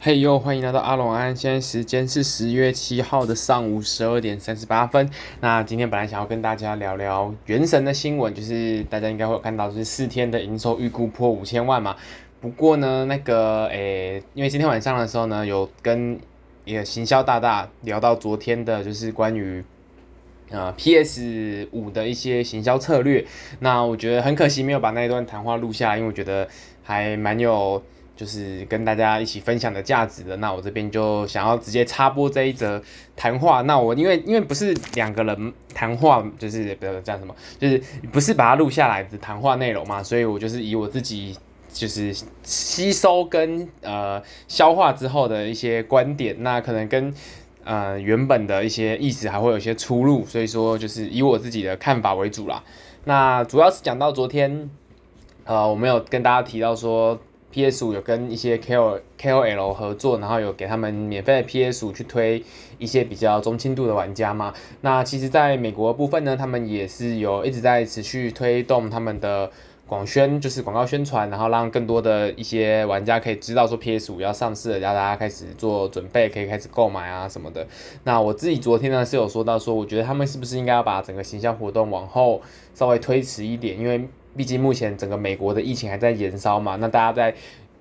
嘿呦，hey、yo，歡迎來到阿龍安、啊，現在時間是十月七號的上午十二點三十八分。那今天本來想要跟大家聊聊《原神》的新聞，就是大家應該會有看到，就是四天的營收預估破五千萬嘛。不過呢，那個誒、欸，因為今天晚上的時候呢，有跟一個行銷大大聊到昨天的，就是關於呃 PS 五的一些行銷策略。那我覺得很可惜，沒有把那一段談話錄下來，因為我覺得還蠻有。就是跟大家一起分享的價值的，那我這邊就想要直接插播這一則談話。那我因為因為不是兩個人談話，就是比如這樣什麼，就是不是把它錄下來的談話內容嘛，所以我就是以我自己就是吸收跟呃消化之後的一些觀點，那可能跟呃原本的一些意思還會有些出入，所以說就是以我自己的看法為主啦。那主要是講到昨天，呃，我沒有跟大家提到說。PS5 有跟一些 KOL KOL 合作，然後有給他們免費的 PS5 去推一些比較中輕度的玩家嘛？那其實在美國的部分呢，他們也是有一直在持續推動他們的廣宣，就是廣告宣傳，然後讓更多的一些玩家可以知道說 PS5 要上市了，然後大家開始做準備，可以開始購買啊什麼的。那我自己昨天呢是有說到說，我覺得他們是不是應該要把整個行銷活動往後稍微推遲一點，因為。畢竟目前整個美國的疫情還在延燒嘛，那大家在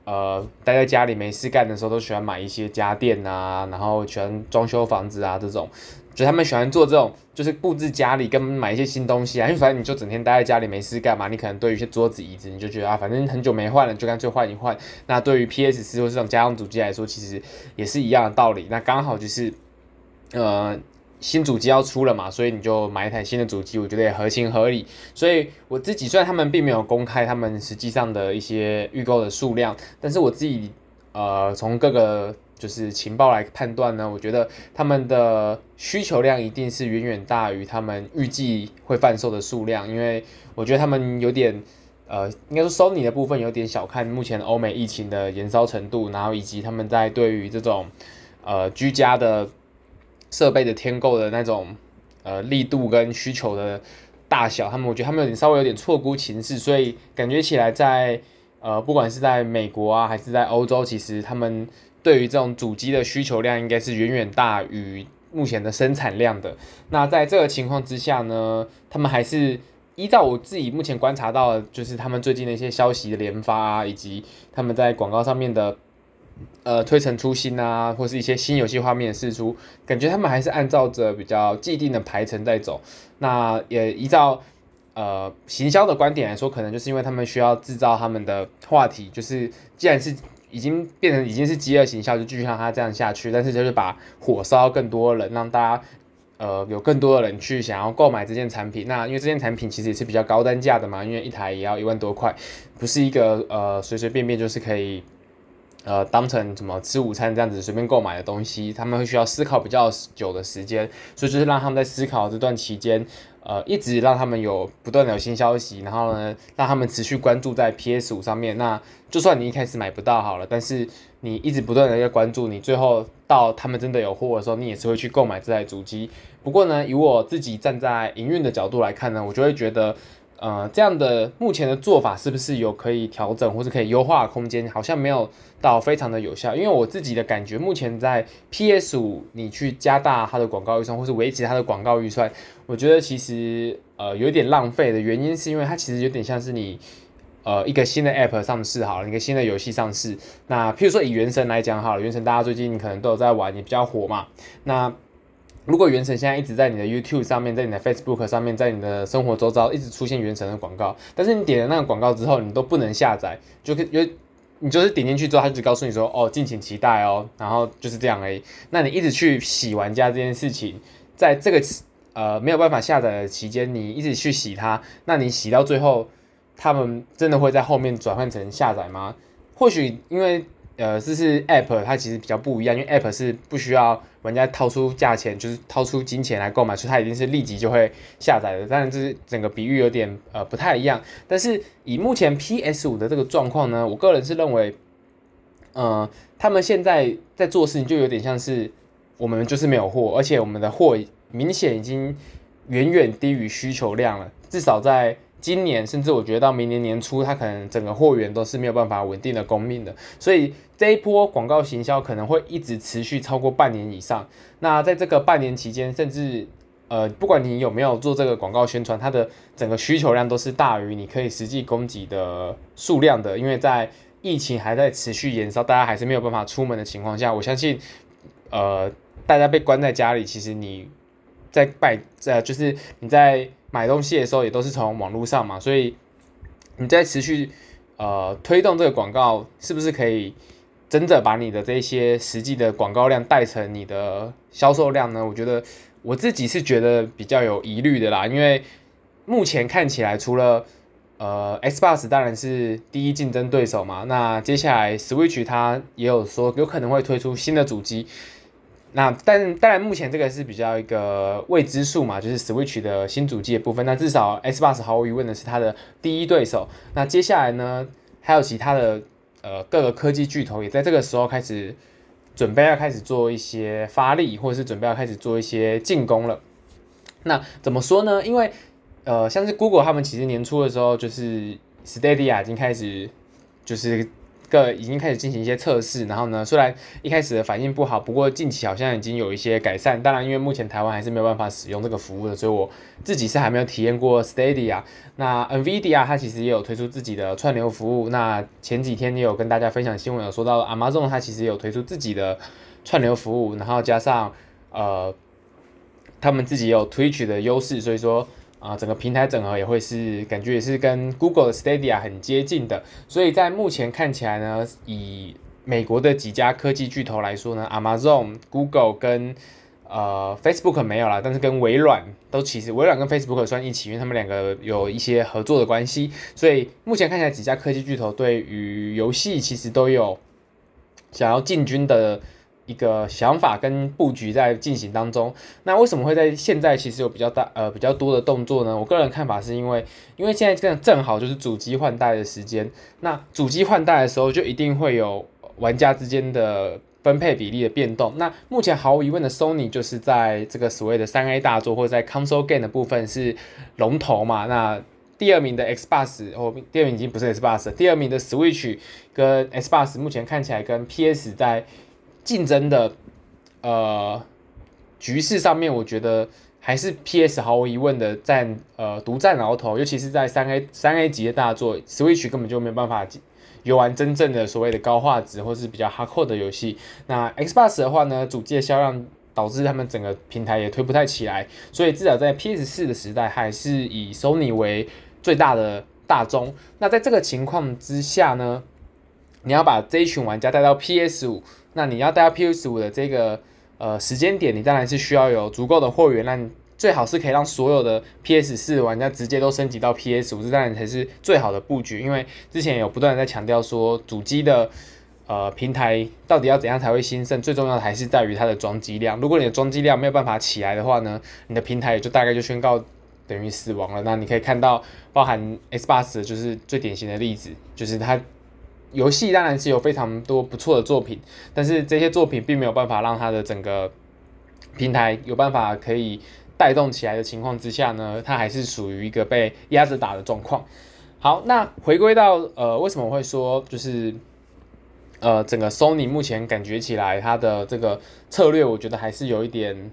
呃待在家裡沒事幹的時候，都喜歡買一些家電啊，然後喜歡裝修房子啊這種，就他們喜歡做這種就是布置家裡跟買一些新東西啊，因為反正你就整天待在家裡沒事幹嘛，你可能對於一些桌子椅子你就覺得啊反正很久沒換了，就乾脆換一換。那對於 PS4 或這種家用主機來說，其實也是一樣的道理。那剛好就是呃。新主機要出了嘛，所以你就買一台新的主機，我覺得也合情合理。所以我自己雖然他們並沒有公開他們實際上的一些預購的數量，但是我自己呃從各個就是情報來判斷呢，我覺得他們的需求量一定是遠遠大於他們預計會販售的數量，因為我覺得他們有點呃，應該說 Sony 的部分有點小看目前歐美疫情的延燒程度，然後以及他們在對於這種呃居家的。設備的添購的那種，呃，力度跟需求的大小，他們我覺得他們有點稍微有點錯估情勢，所以感覺起來在呃，不管是在美國啊，還是在歐洲，其實他們對於這種主機的需求量應該是遠遠大於目前的生產量的。那在這個情況之下呢，他們還是依照我自己目前觀察到，就是他們最近的一些消息的連發啊，以及他們在廣告上面的。呃，推陳出新啊，或是一些新遊戲畫面的釋出，感覺他們還是按照着比較既定的排程在走。那也依照呃行銷的觀點來說，可能就是因為他們需要製造他們的話題，就是既然是已經變成已經是飢餓行銷，就繼續讓他這樣下去。但是就是把火燒更多人，讓大家呃有更多的人去想要購買這件產品。那因為這件產品其實也是比較高單價的嘛，因為一台也要一萬多塊，不是一個呃隨隨便便就是可以。呃，當成什麼吃午餐這樣子隨便購買的東西，他們會需要思考比較久的時間，所以就是讓他們在思考這段期間，呃，一直讓他們有不斷的有新消息，然後呢，讓他們持續關注在 PS 五上面。那就算你一開始買不到好了，但是你一直不斷的要關注，你最後到他們真的有貨的時候，你也是會去購買這台主機。不過呢，以我自己站在營運的角度來看呢，我就會覺得。呃，這樣的目前的做法是不是有可以調整或是可以優化的空間？好像沒有到非常的有效，因為我自己的感覺，目前在 PS5，你去加大它的廣告預算，或是維持它的廣告預算，我覺得其實呃有點浪費的原因，是因為它其實有點像是你呃一個新的 App 上市好了，一個新的遊戲上市，那譬如說以原神來講好了，原神大家最近可能都有在玩，也比較火嘛，那。如果原神現在一直在你的 YouTube 上面，在你的 Facebook 上面，在你的生活周遭一直出現原神的廣告，但是你點了那個廣告之後，你都不能下載，就可，就，你就是點進去之後，他就告訴你說，哦，敬請期待哦，然後就是這樣而已。那你一直去洗玩家這件事情，在這個呃沒有辦法下載的期間，你一直去洗它，那你洗到最後，他們真的會在後面轉換成下載嗎？或許因為。呃，這是 App，它其實比較不一樣，因為 App 是不需要玩家掏出價錢，就是掏出金錢來購買，所以它一定是立即就會下載的。當然，這是整個比喻有點呃不太一樣。但是以目前 PS 五的這個狀況呢，我個人是認為，嗯、呃，他們現在在做事情就有點像是我們就是沒有貨，而且我們的貨明顯已經遠遠低於需求量了，至少在。今年甚至我覺得到明年年初，它可能整個貨源都是沒有辦法穩定的供應的，所以這一波廣告行銷可能會一直持續超過半年以上。那在這個半年期間，甚至呃，不管你有沒有做這個廣告宣傳，它的整個需求量都是大於你可以實際供給的數量的。因為在疫情還在持續延燒，大家還是沒有辦法出門的情況下，我相信呃，大家被關在家裡，其實你在拜在、呃、就是你在。買東西的時候也都是從網絡上嘛，所以你在持續呃推動這個廣告，是不是可以真的把你的這些實際的廣告量帶成你的銷售量呢？我覺得我自己是覺得比較有疑慮的啦，因為目前看起來，除了呃 Xbox 當然是第一競爭對手嘛，那接下來 Switch 它也有說有可能會推出新的主機。那但當然，目前這個是比較一個未知數嘛，就是 Switch 的新主機的部分。那至少 Xbox 毫無疑問的是它的第一對手。那接下來呢，還有其他的呃各個科技巨頭也在這個時候開始準備要開始做一些發力，或者是準備要開始做一些進攻了。那怎麼說呢？因為呃，像是 Google 他們其實年初的時候，就是 Stadia 已經開始就是。個已經開始進行一些測試，然後呢，雖然一開始的反應不好，不過近期好像已經有一些改善。當然，因為目前台灣還是沒有辦法使用這個服務的，所以我自己是還沒有體驗過 Stadia。那 NVIDIA 它其實也有推出自己的串流服務。那前幾天也有跟大家分享新聞，有說到 Amazon 它其實也有推出自己的串流服務，然後加上呃，他們自己有 Twitch 的優勢，所以說。啊，整個平台整合也會是感覺也是跟 Google 的 Stadia 很接近的，所以在目前看起來呢，以美國的幾家科技巨頭來說呢，Amazon、Google 跟呃 Facebook 沒有了，但是跟微軟都其實微軟跟 Facebook 算一起，因為他們兩個有一些合作的關係，所以目前看起來幾家科技巨頭對於遊戲其實都有想要進軍的。一個想法跟布局在進行當中。那為什麼會在現在其實有比較大呃比較多的動作呢？我個人的看法是因為，因為現在這樣正好就是主機換代的時間。那主機換代的時候，就一定會有玩家之間的分配比例的變動。那目前毫無疑問的，Sony 就是在這個所謂的三 A 大作或者在 console game 的部分是龍頭嘛。那第二名的 Xbox，哦，第二名已經不是 Xbox，第二名的 Switch 跟 Xbox 目前看起來跟 PS 在競爭的呃局勢上面，我覺得還是 P S 毫無疑問的佔呃獨佔鰲頭，尤其是在三 A 三 A 級的大作，Switch 根本就沒有辦法遊玩真正的所謂的高畫質或是比較 hardcore 的遊戲。那 Xbox 的話呢，主機的銷量導致他們整個平台也推不太起來，所以至少在 P S 四的時代，還是以 Sony 為最大的大宗。那在這個情況之下呢，你要把這一群玩家帶到 P S 五。那你要帶到 PS 五的這個呃時間點，你當然是需要有足夠的貨源，那你最好是可以讓所有的 PS 四玩家直接都升級到 PS 五，這當然才是最好的布局。因為之前有不斷的在強調說，主機的呃平台到底要怎樣才會興盛，最重要的還是在於它的裝機量。如果你的裝機量沒有辦法起來的話呢，你的平台也就大概就宣告等於死亡了。那你可以看到，包含 Xbox 就是最典型的例子，就是它。遊戲當然是有非常多不錯的作品，但是這些作品並沒有辦法讓它的整個平台有辦法可以帶動起來的情況之下呢，它還是屬於一個被壓着打的狀況。好，那回歸到呃，為什麼我會說就是呃，整個 Sony 目前感覺起來它的這個策略，我覺得還是有一點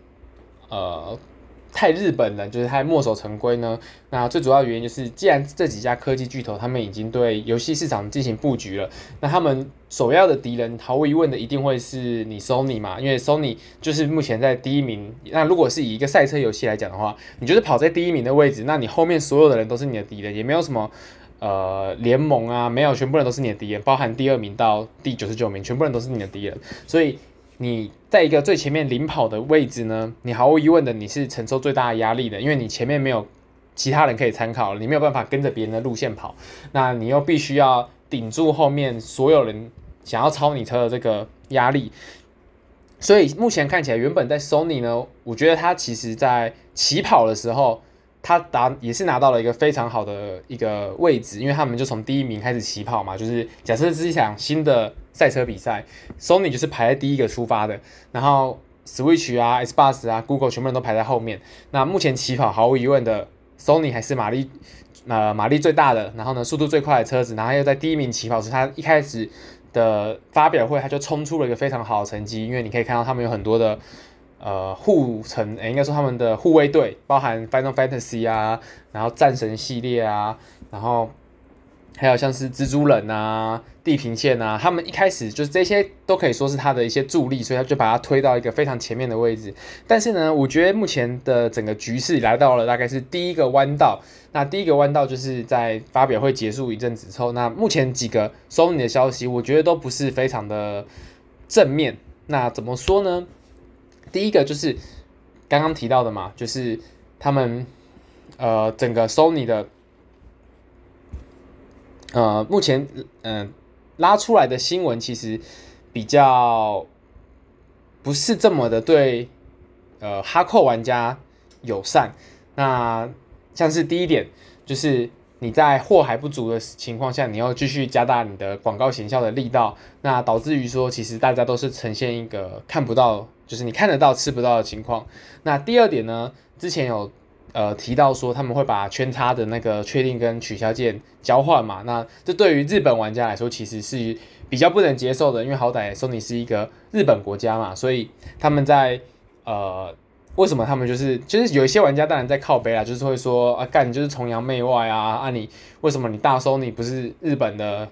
呃。太日本了，就是太墨守成規呢。那最主要的原因就是，既然這幾家科技巨頭他們已經對遊戲市場進行佈局了，那他們首要的敵人毫無疑問的一定會是你 Sony 嘛，因為 Sony 就是目前在第一名。那如果是以一個賽車遊戲來講的話，你就是跑在第一名的位置，那你後面所有的人都是你的敵人，也沒有什麼呃聯盟啊，沒有，全部人都是你的敵人，包含第二名到第九十九名，全部人都是你的敵人，所以。你在一個最前面領跑的位置呢，你毫無疑問的你是承受最大的壓力的，因為你前面沒有其他人可以參考，你沒有辦法跟着別人的路線跑，那你又必須要頂住後面所有人想要超你車的這個壓力，所以目前看起來，原本在 Sony 呢，我覺得它其實在起跑的時候。他打，也是拿到了一個非常好的一個位置，因為他們就從第一名開始起跑嘛。就是假設這是一場新的賽車比賽，Sony 就是排在第一個出發的，然後 Switch 啊、Xbox 啊、Google 全部人都排在後面。那目前起跑毫無疑問的，Sony 還是馬力呃馬力最大的，然後呢速度最快的車子，然後又在第一名起跑時，他一開始的發表會，他就衝出了一個非常好的成績，因為你可以看到他們有很多的。呃，護城哎，應該說他們的護衛隊包含 Final Fantasy 啊，然後戰神系列啊，然後還有像是蜘蛛人吶、啊、地平線吶、啊，他們一開始就是這些都可以說是他的一些助力，所以他就把它推到一個非常前面的位置。但是呢，我覺得目前的整個局勢來到了大概是第一個彎道。那第一個彎道就是在發表會結束一陣子之後，那目前幾個 Sony 的消息，我覺得都不是非常的正面。那怎麼說呢？第一個就是剛剛提到的嘛，就是他們呃整個 Sony 的呃目前嗯、呃、拉出來的新聞其實比較不是這麼的對呃哈扣玩家友善。那像是第一點就是。你在貨還不足的情況下，你要繼續加大你的廣告行銷的力道，那導致於說，其實大家都是呈現一個看不到，就是你看得到吃不到的情況。那第二點呢，之前有呃提到說他們會把圈叉的那個確定跟取消鍵交換嘛，那這對於日本玩家來說其實是比較不能接受的，因為好歹 Sony 是一個日本國家嘛，所以他們在呃。為什麼他們就是就是有一些玩家當然在靠北啊，就是會說啊，幹就是崇洋媚外啊啊你！你為什麼你大索尼不是日本的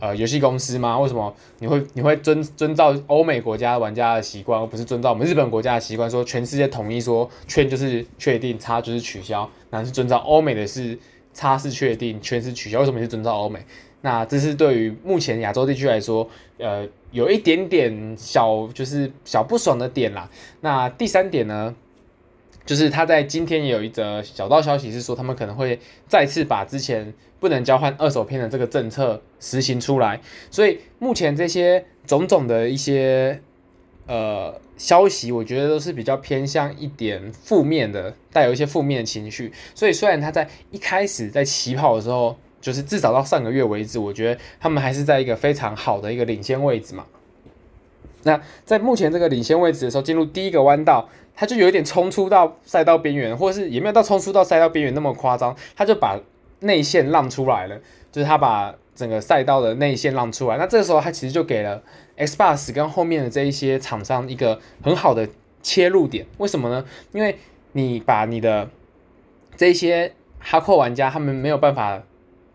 呃遊戲公司嗎？為什麼你會你會遵遵照歐美國家玩家的習慣，而不是遵照我們日本國家的習慣？說全世界統一說圈就是確定，叉就是取消，然後是遵照歐美的是。差是確定，全是取消。為什麼是遵照歐美？那這是對於目前亞洲地區來說，呃，有一點點小，就是小不爽的點啦。那第三點呢，就是他在今天也有一則小道消息，是說他們可能會再次把之前不能交換二手片的這個政策實行出來。所以目前這些種種的一些。呃，消息我覺得都是比較偏向一點負面的，帶有一些負面的情緒。所以雖然他在一開始在起跑的時候，就是至少到上個月為止，我覺得他們還是在一個非常好的一個領先位置嘛。那在目前這個領先位置的時候，進入第一個彎道，他就有一點衝出到賽道邊緣，或者是也沒有到衝出到賽道邊緣那麼誇張，他就把內線讓出來了，就是他把。整個賽道的內線讓出來，那這個時候他其實就給了 Xbox 跟後面的這一些廠商一個很好的切入點。為什麼呢？因為你把你的這些 Hardcore 玩家，他們沒有辦法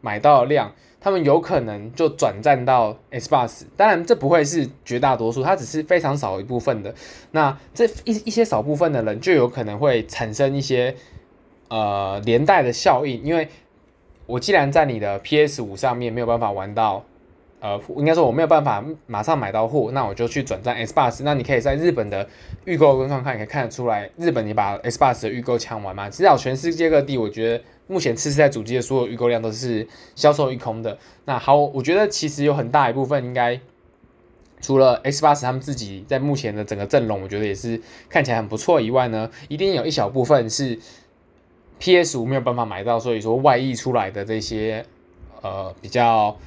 買到的量，他們有可能就轉戰到 Xbox。當然，這不會是絕大多數，它只是非常少一部分的。那這一一些少部分的人，就有可能會產生一些呃連帶的效應，因為我既然在你的 PS 五上面沒有辦法玩到，呃，應該說我沒有辦法馬上買到貨，那我就去轉戰 X b o s 那你可以在日本的預購跟看看，可以看得出來，日本你把 X b o s 的預購搶完嘛？至少全世界各地，我覺得目前次世代主機的所有預購量都是銷售一空的。那好，我覺得其實有很大一部分，應該除了 X bus 他們自己在目前的整個陣容，我覺得也是看起來很不錯以外呢，一定有一小部分是。PS5 沒有辦法買到，所以說外溢出來的這些，呃，比較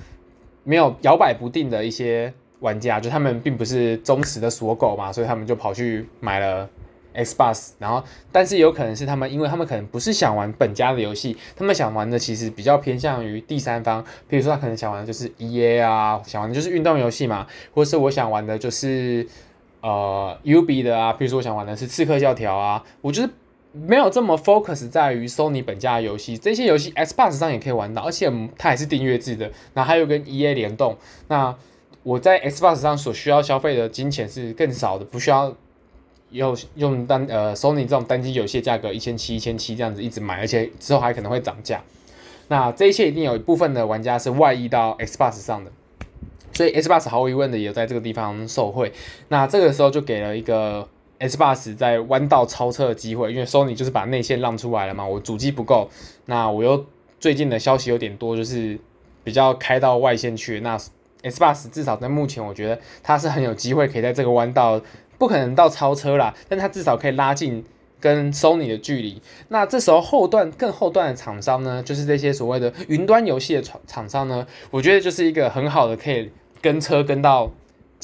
沒有搖擺不定的一些玩家，就他們並不是忠實的鎖狗嘛，所以他們就跑去買了 Xbox，然後，但是有可能是他們，因為他們可能不是想玩本家的遊戲，他們想玩的其實比較偏向於第三方，比如說他可能想玩的就是 EA 啊，想玩的就是運動遊戲嘛，或者是我想玩的就是呃 Ub 的啊，比如說我想玩的是《刺客教條》啊，我就是。沒有這麼 focus 在於 Sony 本家的遊戲，這些遊戲 Xbox 上也可以玩到，而且它也是訂閱制的。那還有跟 EA 聯動，那我在 Xbox 上所需要消費的金錢是更少的，不需要用用單呃，Sony 這種單機遊戲價格一千七一千七這樣子一直買，而且之後還可能會漲價。那這一切一定有一部分的玩家是外溢到 Xbox 上的，所以 Xbox 毫無疑問的也有在這個地方受惠。那這個時候就給了一個。XBOX 在彎道超車的機會，因為 Sony 就是把內線讓出來了嘛，我主機不夠，那我又最近的消息有點多，就是比較開到外線去。那 XBOX 至少在目前，我覺得它是很有機會可以在這個彎道，不可能到超車啦，但它至少可以拉近跟 Sony 的距離。那這時候後段更後段的廠商呢，就是這些所謂的雲端遊戲的廠，廠商呢，我覺得就是一個很好的可以跟車跟到。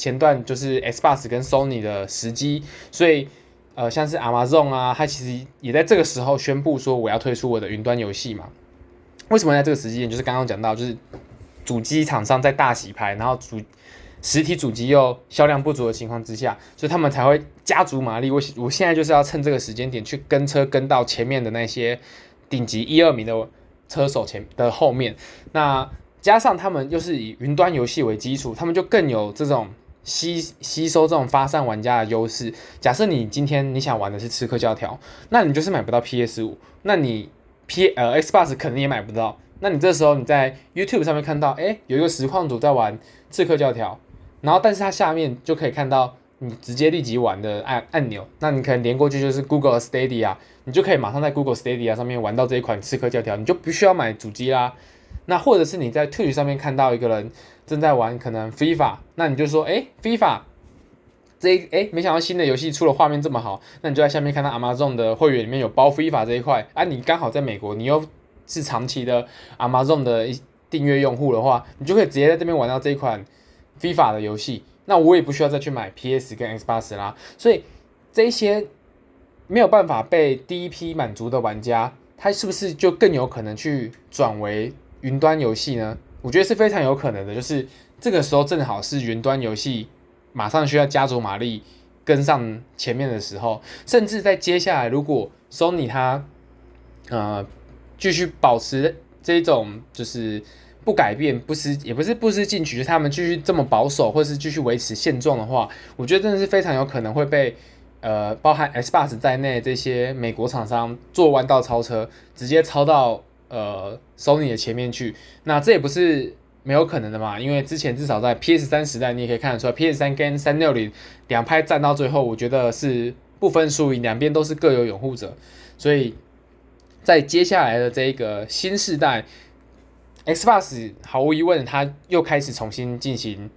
前段就是 Xbox 跟 Sony 的時機，所以呃，像是 Amazon 啊，它其實也在這個時候宣布說我要推出我的雲端遊戲嘛。為什麼在這個時間點？就是剛剛講到，就是主機廠商在大洗牌，然後主實體主機又銷量不足的情況之下，所以他們才會加足馬力。我我現在就是要趁這個時間點去跟車跟到前面的那些頂級一二名的車手前的後面。那加上他們又是以雲端遊戲為基礎，他們就更有這種。吸吸收這種發散玩家的優勢。假設你今天你想玩的是《刺客教條》，那你就是買不到 PS 五，那你 P 呃 Xbox 可能也買不到。那你這時候你在 YouTube 上面看到，哎、欸，有一個實況主在玩《刺客教條》，然後但是他下面就可以看到你直接立即玩的按按鈕，那你可能連過去就是 Google Stadia，你就可以馬上在 Google Stadia 上面玩到這一款《刺客教條》，你就不需要買主機啦。那或者是你在 Twitch 上面看到一個人正在玩可能 FIFA，那你就說，誒、欸、FIFA 這一、欸、沒想到新的遊戲出了畫面這麼好，那你就在下面看到 Amazon 的會員裡面有包 FIFA 這一塊，啊，你剛好在美國，你又是長期的 Amazon 的一訂閱用戶的話，你就可以直接在這邊玩到這一款 FIFA 的遊戲。那我也不需要再去買 PS 跟 Xbox 啦。所以這一些沒有辦法被第一批滿足的玩家，他是不是就更有可能去轉為？雲端遊戲呢，我覺得是非常有可能的。就是這個時候正好是雲端遊戲馬上需要加足馬力跟上前面的時候，甚至在接下來，如果索尼它呃繼續保持這種就是不改變、不思也不是不思進取，就是、他們繼續這麼保守或是繼續維持現狀的話，我覺得真的是非常有可能會被呃包含 Xbox 在內這些美國廠商做彎道超車，直接超到。呃，索尼的前面去，那這也不是沒有可能的嘛，因為之前至少在 PS 三時代，你也可以看得出來，PS 三跟三六零兩派戰到最後，我覺得是不分輸贏，兩邊都是各有擁護者，所以在接下來的這一個新時代，Xbox 毫無疑問，它又開始重新進行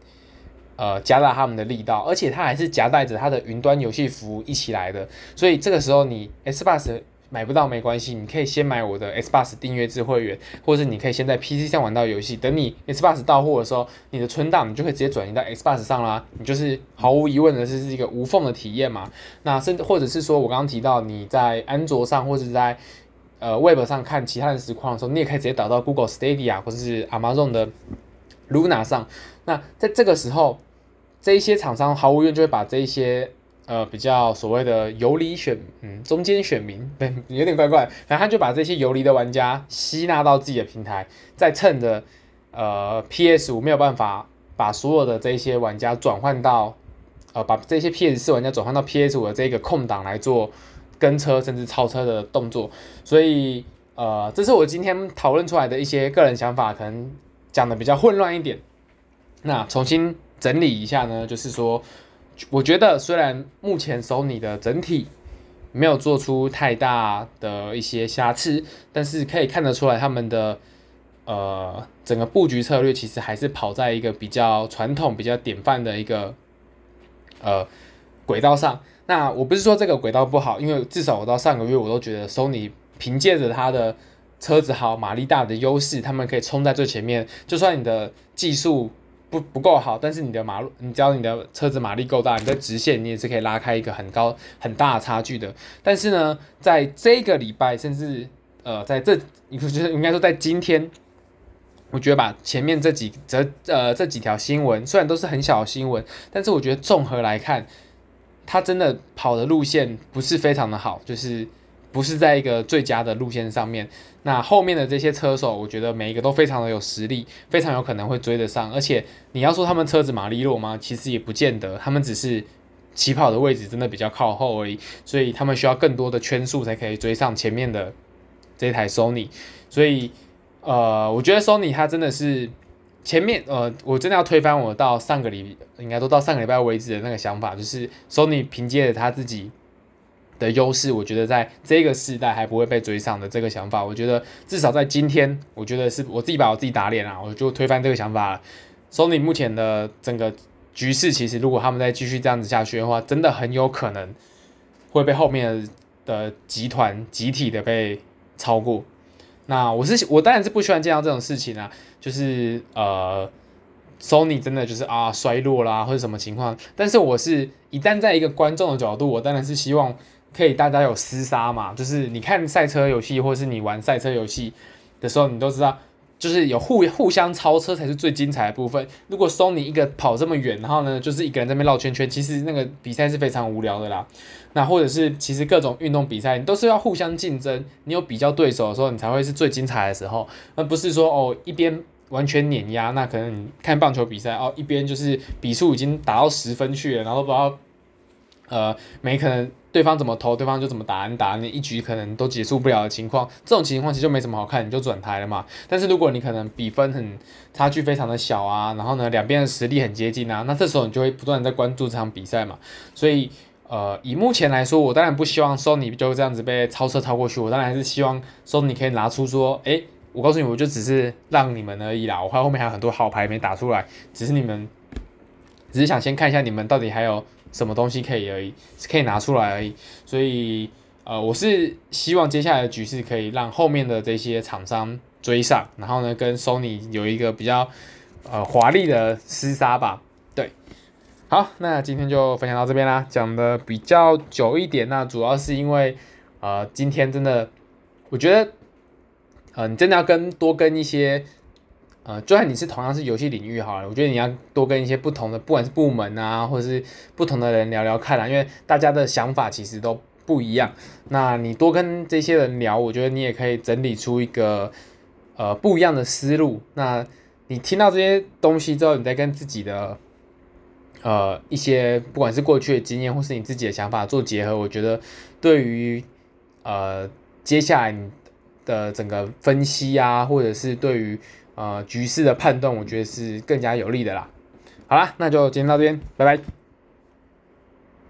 呃加大他們的力道，而且它還是夾帶着它的雲端遊戲服務一起來的，所以這個時候你 Xbox。買不到沒關係，你可以先買我的 Xbox 訂閱制會員，或者是你可以先在 PC 上玩到遊戲。等你 Xbox 到貨的時候，你的存檔你就可以直接轉移到 Xbox 上啦。你就是毫無疑問的是是一個無縫的體驗嘛。那甚至或者是說，我剛剛提到你在安卓上或者在呃 Web 上看其他的實況的時候，你也可以直接導到 Google Stadia 或者是 Amazon 的 Luna 上。那在這個時候，這一些廠商毫無疑問就會把這一些。呃，比較所謂的游離選，嗯，中間選民，對，有點怪怪。然後他就把這些游離的玩家吸納到自己的平台，再趁着呃 PS 五沒有辦法把所有的這些玩家轉換到，呃，把這些 PS 四玩家轉換到 PS 五的這個空檔來做跟車甚至超車的動作。所以，呃，這是我今天討論出來的一些個人想法，可能講的比較混亂一點。那重新整理一下呢，就是說。我覺得雖然目前 Sony 的整體沒有做出太大的一些瑕疵，但是可以看得出來他們的呃整個布局策略其實還是跑在一個比較傳統、比較典範的一個呃軌道上。那我不是說這個軌道不好，因為至少我到上個月我都覺得 Sony 憑借着它的車子好、馬力大的優勢，他們可以衝在最前面。就算你的技術，不不夠好，但是你的馬路，你只要你的車子馬力夠大，你的直線你也是可以拉開一個很高很大的差距的。但是呢，在這個禮拜，甚至呃，在這，應該說在今天，我覺得吧，前面這幾則呃這幾條新聞，雖然都是很小的新聞，但是我覺得綜合來看，它真的跑的路線不是非常的好，就是。不是在一個最佳的路線上面，那後面的這些車手，我覺得每一個都非常的有實力，非常有可能會追得上。而且你要說他們車子馬力弱嗎？其實也不見得，他們只是起跑的位置真的比較靠後而已，所以他們需要更多的圈數才可以追上前面的這台 Sony。所以呃，我覺得 Sony 它真的是前面呃，我真的要推翻我到上個禮，應該都到上個禮拜為止的那個想法，就是 Sony 憑借着他自己。的優勢，我覺得在這個時代還不會被追上的這個想法，我覺得至少在今天，我覺得是我自己把我自己打臉了，我就推翻這個想法了。索尼目前的整個局勢，其實如果他們再繼續這樣子下去的話，真的很有可能會被後面的集團集體的被超過。那我是我當然是不喜歡見到這種事情啊，就是呃，索尼真的就是啊衰落啦，或者什麼情況？但是，我是一旦在一個觀眾的角度，我當然是希望，可以，大家有廝殺嘛，就是你看賽車遊戲，或者是你玩賽車遊戲的時候，你都知道，就是有互互相超車才是最精彩的部分。如果說你一個跑這麼遠，然後呢，就是一個人在那邊繞圈圈，其實那個比賽是非常無聊的啦。那或者是其實各種運動比賽，你都是要互相競爭，你有比較對手的時候，你才會是最精彩的時候。而不是說哦，一邊完全碾壓，那可能你看棒球比賽哦，一邊就是比數已經打到十分去了，然後不要呃沒可能。對方怎麼投，對方就怎麼打，你打你一局可能都結束不了的情況，這種情況其實就沒什麼好看，你就轉台了嘛。但是如果你可能比分很差距非常的小啊，然後呢，兩邊的實力很接近啊，那這時候你就會不斷在關注這場比賽嘛。所以呃，以目前來說，我當然不希望 Sony 就這樣子被超車超過去，我當然還是希望 Sony 可以拿出說，哎、欸，我告訴你，我就只是讓你們而已啦，我後面還有很多好牌沒打出來，只是你們只是想先看一下你們到底還有。什麼東西可以而已，是可以拿出來而已。所以呃，我是希望接下來的局勢可以讓後面的這些廠商追上，然後呢，跟 Sony 有一個比較呃華麗的廝殺吧。對，好，那今天就分享到這邊啦，講的比較久一點，那主要是因為呃，今天真的我覺得呃，你真的要跟多跟一些。呃，就算你是同樣是遊戲領域好了，我覺得你要多跟一些不同的，不管是部門啊，或者是不同的人聊聊看啦、啊，因為大家的想法其實都不一樣。那你多跟這些人聊，我覺得你也可以整理出一個呃不一樣的思路。那你聽到這些東西之後，你再跟自己的呃一些不管是過去的經驗，或是你自己的想法做結合，我覺得對於呃接下來你的整個分析啊，或者是對於呃，局勢的判斷，我覺得是更加有利的啦。好啦，那就今天到這邊，拜拜。